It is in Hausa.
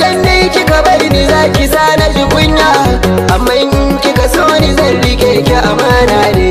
idan dai kika bari ni za ki sa na kunya amma in kika so ni zan rike ki amana ne